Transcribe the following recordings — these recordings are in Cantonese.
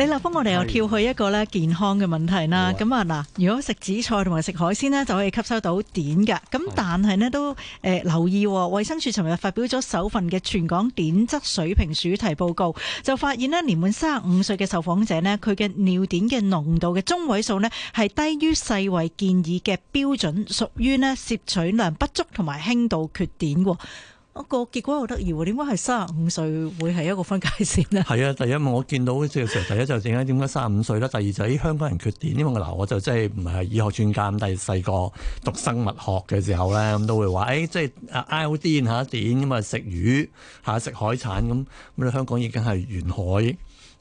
李立峰，我哋又跳去一個咧健康嘅問題啦。咁啊嗱，如果食紫菜同埋食海鮮呢，就可以吸收到碘嘅。咁但係呢，都誒、呃、留意，哦，衛生署尋日發表咗首份嘅全港碘質水平主題報告，就發現呢，年滿三十五歲嘅受訪者呢，佢嘅尿碘嘅濃度嘅中位數呢，係低於世衛建議嘅標準，屬於呢攝取量不足同埋輕度缺碘。一個結果好得意，點解係三十五歲會係一個分界線咧？係啊，第一我見到即成第一就點解點解三十五歲啦？第二就咦、是哎、香港人缺碘，因為嗱我，我就即係唔係醫學專家，但係細個讀生物學嘅時候咧，咁都會話誒、哎、即係碘碘吓碘咁啊食魚吓食海產咁咁，你香港已經係沿海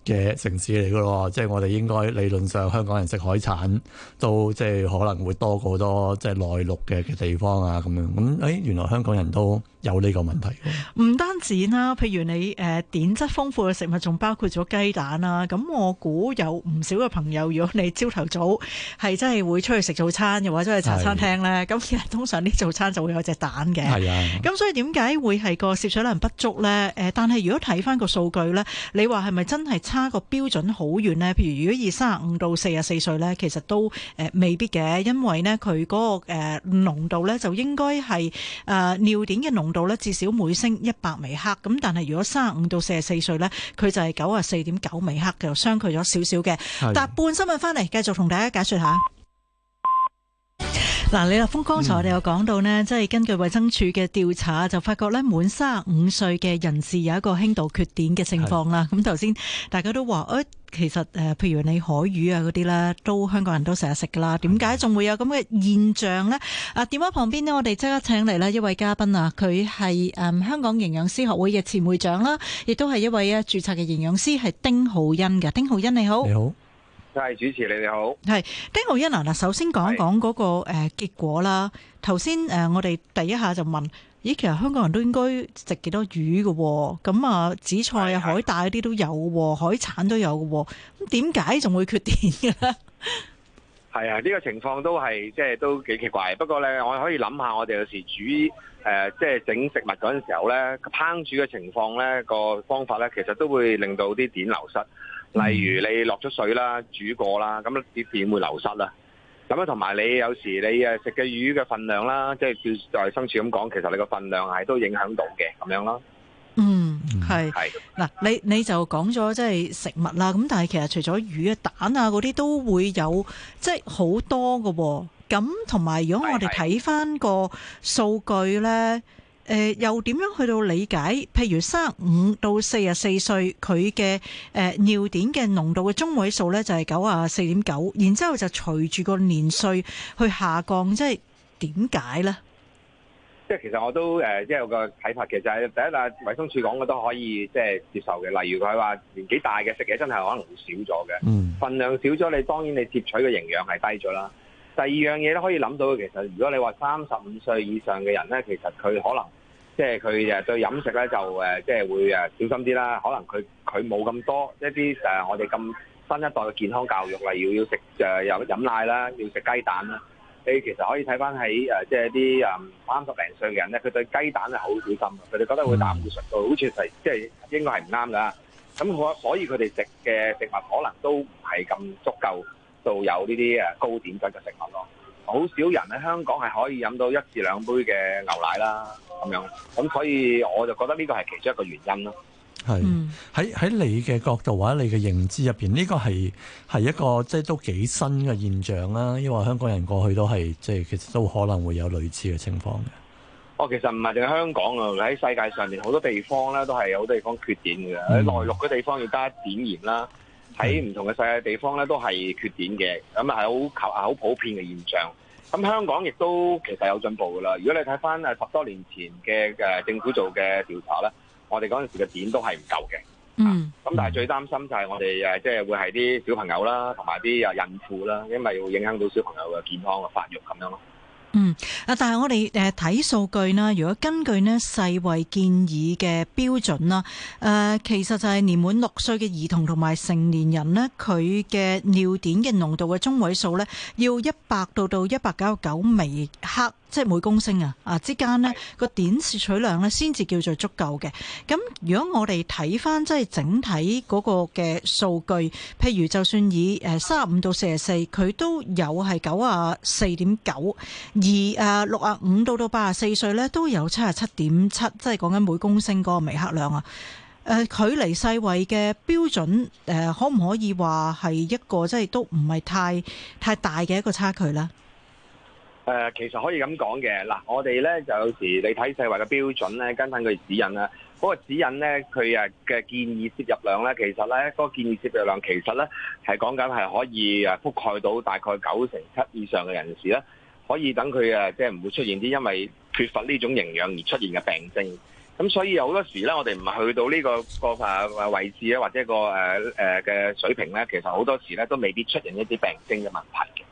嘅城市嚟噶咯，即係我哋應該理論上香港人食海產都即係可能會多過多即係內陸嘅嘅地方啊咁樣咁誒、哎、原來香港人都。有呢個問題，唔、嗯、單止啦。譬如你誒碘質豐富嘅食物，仲包括咗雞蛋啦。咁我估有唔少嘅朋友，如果你朝頭早係真係會出去食早餐，又或者去茶餐廳咧，咁其實通常啲早餐就會有隻蛋嘅。係啊的。咁所以點解會係個攝取量不足咧？誒、呃，但係如果睇翻個數據咧，你話係咪真係差個標準好遠咧？譬如如果二十五到四十四歲咧，其實都誒、呃、未必嘅，因為咧佢嗰個誒、呃、濃度咧，就應該係誒尿碘嘅濃。到咧至少每升一百微克，咁但係如果三十五到四十四歲咧，佢就係九啊四點九微克，就相距咗少少嘅。是但半新聞，翻嚟，繼續同大家解說下。嗱， 李立峰，剛才我哋有講到咧，即係根據衛生署嘅調查，就發覺咧滿三十五歲嘅人士有一個輕度缺碘嘅情況啦。咁頭先大家都話誒。哎其實誒，呃，譬如你海魚啊嗰啲啦，都香港人都成日食噶啦。點解仲會有咁嘅現象呢？啊，電話旁邊呢，我哋即刻請嚟咧一位嘉賓啊，佢係誒香港營養師學會嘅前會長啦，啊，亦都係一位啊註冊嘅營養師，係丁浩恩嘅。丁浩恩你好，你好，係主持你你好，係丁浩恩。嗱，嗱，首先講講嗰個誒結果啦。頭先誒，我哋第一下就問。咦，其實香港人都應該食幾多魚噶，啊，咁啊紫菜啊的海帶嗰啲都有，啊，海產都有嘅，啊，咁點解仲會缺碘咧？係啊，呢，這個情況都係即係都幾奇怪。不過咧，我可以諗下，我哋有時煮誒，呃，即係整食物嗰陣時候咧，烹煮嘅情況咧，個方法咧，其實都會令到啲碘流失。例如你落咗水啦，煮過啦，咁啲碘會流失啦。咁樣同埋你有時你誒食嘅魚嘅份量啦，即係再深入咁講，其實你個份量係都影響到嘅咁樣咯。嗯，係。係。嗱，你你就講咗即係食物啦，咁但係其實除咗魚啊、蛋啊嗰啲都會有，即係好多嘅喎。咁同埋如果我哋睇翻個數據咧。係係。誒，又點樣去到理解？譬如三十五到四十四歲，佢嘅誒尿碘嘅濃度嘅中位數咧就係九啊四點九，然之後就隨住個年歲去下降，即係點解咧？即係其實我都誒，即係有個睇法其實係第一，但衛生署講嘅都可以即係接受嘅。例如佢話年紀大嘅食嘢真係可能會少咗嘅，嗯，份量少咗，你當然你攝取嘅營養係低咗啦。第二樣嘢都可以諗到嘅，其實如果你話三十五歲以上嘅人咧，其實佢可能。即係佢誒對飲食咧就誒，即係會誒小心啲啦。可能佢佢冇咁多一啲誒，我哋咁新一代嘅健康教育，例如要要食誒有飲奶啦，要食雞蛋啦。你其實可以睇翻喺誒，即係啲誒三十零歲嘅人咧，佢對雞蛋係好小心嘅，佢哋覺得會膽固醇高，好似係即係應該係唔啱㗎。咁所所以佢哋食嘅食物可能都唔係咁足夠到有呢啲誒高碘質嘅食物咯。好少人喺香港係可以飲到一至兩杯嘅牛奶啦。咁樣，咁所以我就覺得呢個係其中一個原因咯。係喺喺你嘅角度或者你嘅認知入邊，呢、這個係係一個即係都幾新嘅現象啦。因為香港人過去都係即係其實都可能會有類似嘅情況嘅。哦，其實唔係淨係香港啊，喺世界上面好多地方咧都係有好多地方缺碘嘅。喺內陸嘅地方要加一碘鹽啦，喺唔同嘅世界地方咧都係缺碘嘅，咁係好求好普遍嘅現象。咁香港亦都其實有進步㗎喇。如果你睇返誒十多年前嘅誒政府做嘅調查咧，我哋嗰陣時嘅碘都係唔夠嘅。嗯。咁、啊、但係最擔心就係我哋誒即係會係啲小朋友啦，同埋啲啊孕婦啦，因為會影響到小朋友嘅健康啊發育咁樣咯。嗯，啊，但係我哋誒睇數據啦。如果根據呢世衛建議嘅標準啦，誒、呃，其實就係年滿六歲嘅兒童同埋成年人呢，佢嘅尿碘嘅濃度嘅中位數呢，要一百到到一百九十九微克。即係每公升啊，啊之間呢個碘攝取量呢，先至叫做足夠嘅。咁如果我哋睇翻即係整體嗰個嘅數據，譬如就算以誒三十五到四十四，佢都有係九啊四點九，而誒六啊五到到八十四歲呢，都有七啊七點七，即係講緊每公升嗰個微克量啊。誒距離世衞嘅標準誒，可唔可以話係一個即係都唔係太太大嘅一個差距呢？誒，其實可以咁講嘅嗱，我哋咧就有時你睇世衞嘅標準咧，跟翻佢指引啦。嗰個指引咧，佢誒嘅建議攝入量咧，其實咧嗰個建議攝入量其實咧係講緊係可以誒覆蓋到大概九成七以上嘅人士咧，可以等佢誒即係唔會出現啲因為缺乏呢種營養而出現嘅病徵。咁所以有好多時咧，我哋唔係去到呢個個誒位置咧，或者個誒誒嘅水平咧，其實好多時咧都未必出現一啲病徵嘅問題嘅。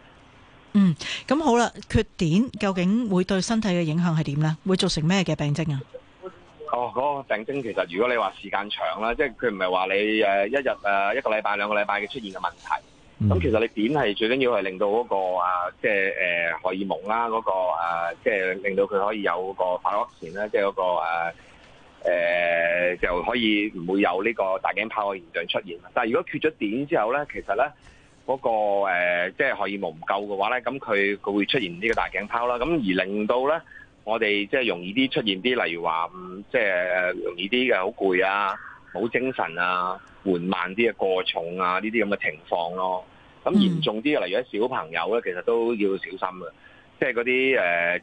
嗯，咁好啦，缺碘究竟會對身體嘅影響係點咧？會造成咩嘅病症啊？哦，嗰個病症其實如果你話時間長啦，即係佢唔係話你誒一日誒一個禮拜、兩個禮拜嘅出現嘅問題。咁其實你碘係最緊要係令到嗰個啊，即係誒荷爾蒙啦，嗰個啊，即係令到佢可以有個發惡前啦，即係嗰個誒誒就可以唔會有呢個大頸泡嘅現象出現。但係如果缺咗碘之後咧，其實咧。嗰、那個誒、呃、即係荷爾蒙唔夠嘅話咧，咁佢佢會出現呢個大頸泡啦，咁而令到咧我哋即係容易啲出現啲例如話、嗯，即係容易啲嘅好攰啊，冇精神啊，緩慢啲嘅過重啊呢啲咁嘅情況咯。咁嚴重啲嘅，例如啲小朋友咧，其實都要小心嘅，即係嗰啲誒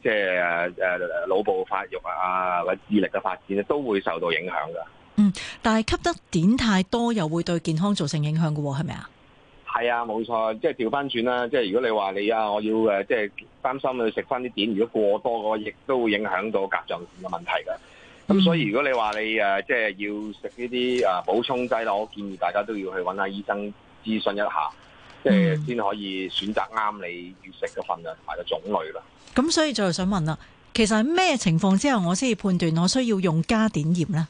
即係誒誒腦部發育啊，或者智力嘅發展咧，都會受到影響㗎。嗯，但係吸得碘太多又會對健康造成影響嘅喎，係咪啊？係啊，冇錯，即係調翻轉啦。即係如果你話你啊，我要誒，即係擔心去食翻啲碘，如果過多嘅話，亦都會影響到甲狀腺嘅問題嘅。咁所以如果你話你誒，即係要食呢啲啊補充劑啦，我建議大家都要去揾下醫生諮詢一下，即係先可以選擇啱你要食嘅份量同埋個種類啦。咁所以最後想問啦，其實喺咩情況之下我先至判斷我需要用加碘鹽咧？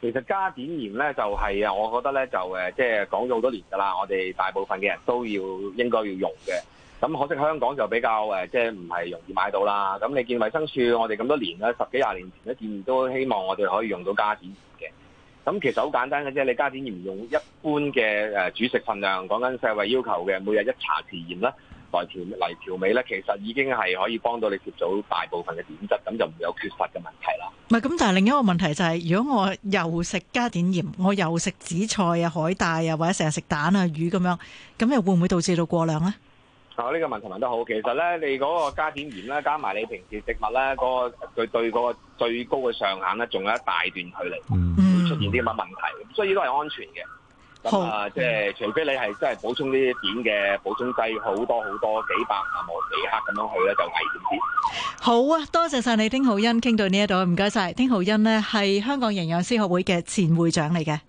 其實加碘鹽咧就係啊，我覺得咧就誒即係講咗好多年㗎啦，我哋大部分嘅人都要應該要用嘅。咁可惜香港就比較誒即係唔係容易買到啦。咁你見衞生署，我哋咁多年啦，十幾廿年前都見都希望我哋可以用到加碘鹽嘅。咁其實好簡單嘅啫，你加碘鹽用一般嘅誒主食份量，講緊世衞要求嘅，每日一茶匙鹽啦，嚟調嚟調味咧，其實已經係可以幫到你攝取到大部分嘅碘質，咁就唔會有缺乏嘅問題啦。唔係，咁但係另一個問題就係、是，如果我又食加碘鹽，我又食紫菜啊、海帶啊，或者成日食蛋啊、魚咁樣，咁又會唔會導致到過量咧？啊、哦，呢、這個問題問得好。其實咧，你嗰個加碘鹽咧，加埋你平時食物咧，嗰、那、佢、個、對嗰個最高嘅上限咧，仲有一大段距離，唔會、嗯、出現啲咁嘅問題，所以依個係安全嘅。啊！即係好 除非你係真係補充呢一碘嘅補充劑，很多很多，好多好多，幾百毫克、幾克咁樣去咧，就危險啲。好啊，多謝晒你，丁浩恩，傾到呢一度唔該晒。丁浩恩呢係香港營養師學會嘅前會長嚟嘅。